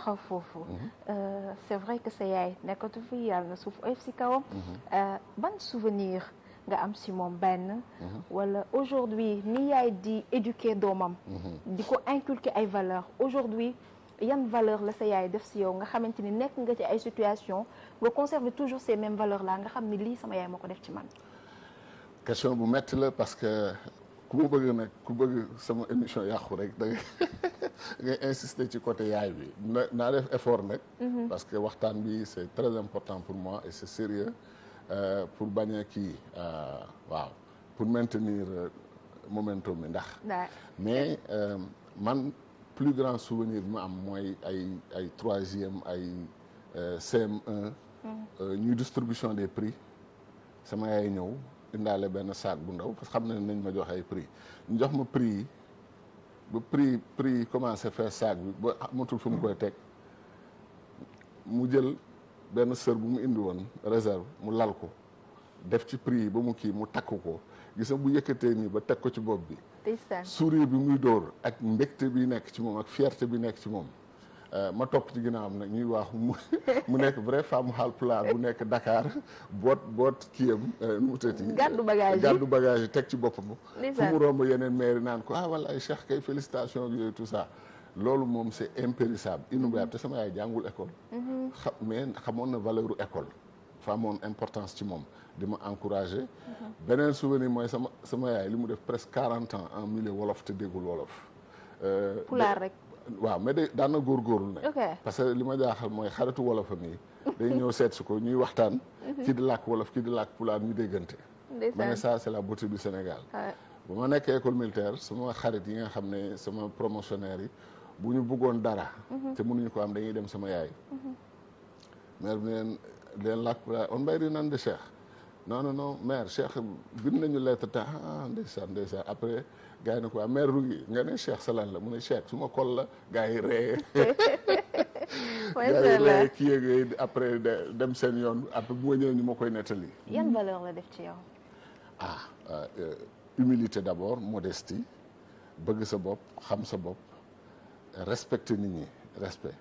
taxaw foofu. Mhm. Euh, c'est vrai que sa yaay nekkatu fi yàlla na suuf oyof si kawam. Mhm. Euh, ban souvenir nga am si moom benn. Mhm. wala aujourd'hui ni yaay di éduquer doomam. di ko inculquer ay valeurs aujourd'hui yan valeur la sa yaay def si yow nga xamante ni nekk nga ci ay situation nga conserver toujours ces mêmes valeurs là nga xam ni lii sama yaay moo ko def ci man. question bu metti la parce que ku mu bëgg sama émission yàqu rek da ngay insister ci côté yaay bi naa def effort nag. Mhm. parce que waxtaan bi c'est très important pour moi et c'est sérieux euh, pour bañ ki kii euh, waaw pour maintenir euh, momentum bi ndax. mais euh, man plus grand souvenir ma am mooy ay ay troisième ay euh, CM1. Mhm. ñuy distribution des prix sama yaay ñëw indaale benn saak bu ndaw parce que xam nañ nañ ma jox ay prix ñu jox ma prix yi. ba prix prix commencé fee saag bi ba amatul fu mu koy teg mu jël benn sër bu mu indi woon réserve mu lal ko def ci prix yi ba mu kii mu takk ko gis nga bu yëkkatee nii ba teg ko ci bopp bi sourire bi muy dóor ak mbégte bi nekk ci moom ak fierté bi nekk ci moom Euh, ma topp ci ginnaawam nag ñuy waaxu mu mu nekk vrai femme Haalpulaar bu nekk dakaar boot boot kiyam euh, nu mu tëti euh, gàddu bagage teg ci boppam fu mu romb yeneen maire naan ko ah ay Cheikh kay félicitation ak yooyu tout ça loolu moom c'est impérissable inoubliable mm-hmm. te sama yaay jàngul école mm-hmm. xam mais xamoon na valeur école fa amoon importance ci moom di ma encouragé mm-hmm. beneen souvenir mooy sama sama yaay li mu def presque quarante ans en milieu wolof te déggul wolof pulaar waaw mais de daan na góorgóorlu nag parce que li ma jaaxal mooy xaritu wolofam yi day ñëw seet si ko ñuy waxtaan mhm. kii di làkk wolof kii di làkk pulaar ñu déggante ma ne ça c'est la beauté du Sénégal bu ma nekkee école militaire sama xarit yi nga xam ne sama promotionnaire yi bu ñu buggoon dara mhm. te mënuñu ko am dañuy dem sama yaay maire mhm. bi leen leen làkk pulaar on mbay nan de cheikh non non maire Cheikh bind nañu lettre te ah ndeysaan ndeysaan après gars yi ne ko waa ah, maire Rougui nga ne Cheikh salan la mu ne Cheikh su ma kol la gars yi ree gars yi ree kii yooyu après dem seen yoon après bu ma ñëwee ñu ma koy nettali. yan valeur la def ci ah, ah, euh, humilité d'abord modestie bëgg sa bopp xam sa bopp respecter nit ñi respect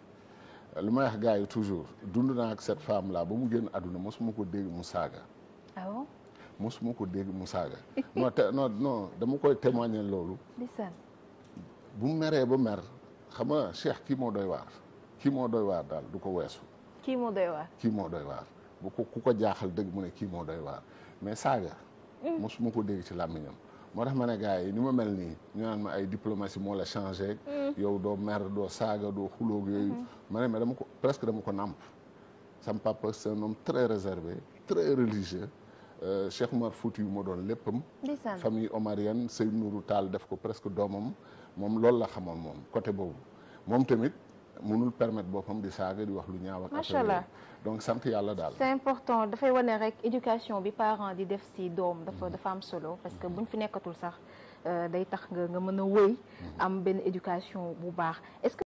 lu may wax gars yi toujours dund naa ak cette femme là ba mu génn àdduna mosuma ko dégg mu saaga. ah bon mosuma ko dégg mu saaga. non te dama koy témoigner loolu. bu mu meree ba mer xam nga Cheikh kii moo doy waar. kii moo doy waar daal du ko weesu. kii moo doy bu ko ku ko jaaxal dëgg mu ne kii moo doy waar mais saaga. Mm. mosuma ko dégg ci làmmiñam moo tax ma ne gars yi ni ma mel nii ñu ma ay diplomatie moo la changé. Mm. yow doo mer doo saaga doo xuloog yooyu. Mm-hmm. ma ne mais dama ko presque dama ko nàmp. sam papa c'est un homme très réservé très religieux. Euh, Cheikh Oumar Fouti yu moo doon léppam famille omarienne Seydou Nourou Tall def ko presque doomam moom loolu la xamoon moom côté boobu moom tamit mënul permettre boppam di saaga di wax lu ñaaw ak macha allah donc sant yàlla daal c'est important dafay wane rek éducation bi parents di def si doom dafa mhm. dafa am solo parce que buñ fi nekkatul sax euh, day tax nga nga mën a wëy mhm. am benn éducation bu baax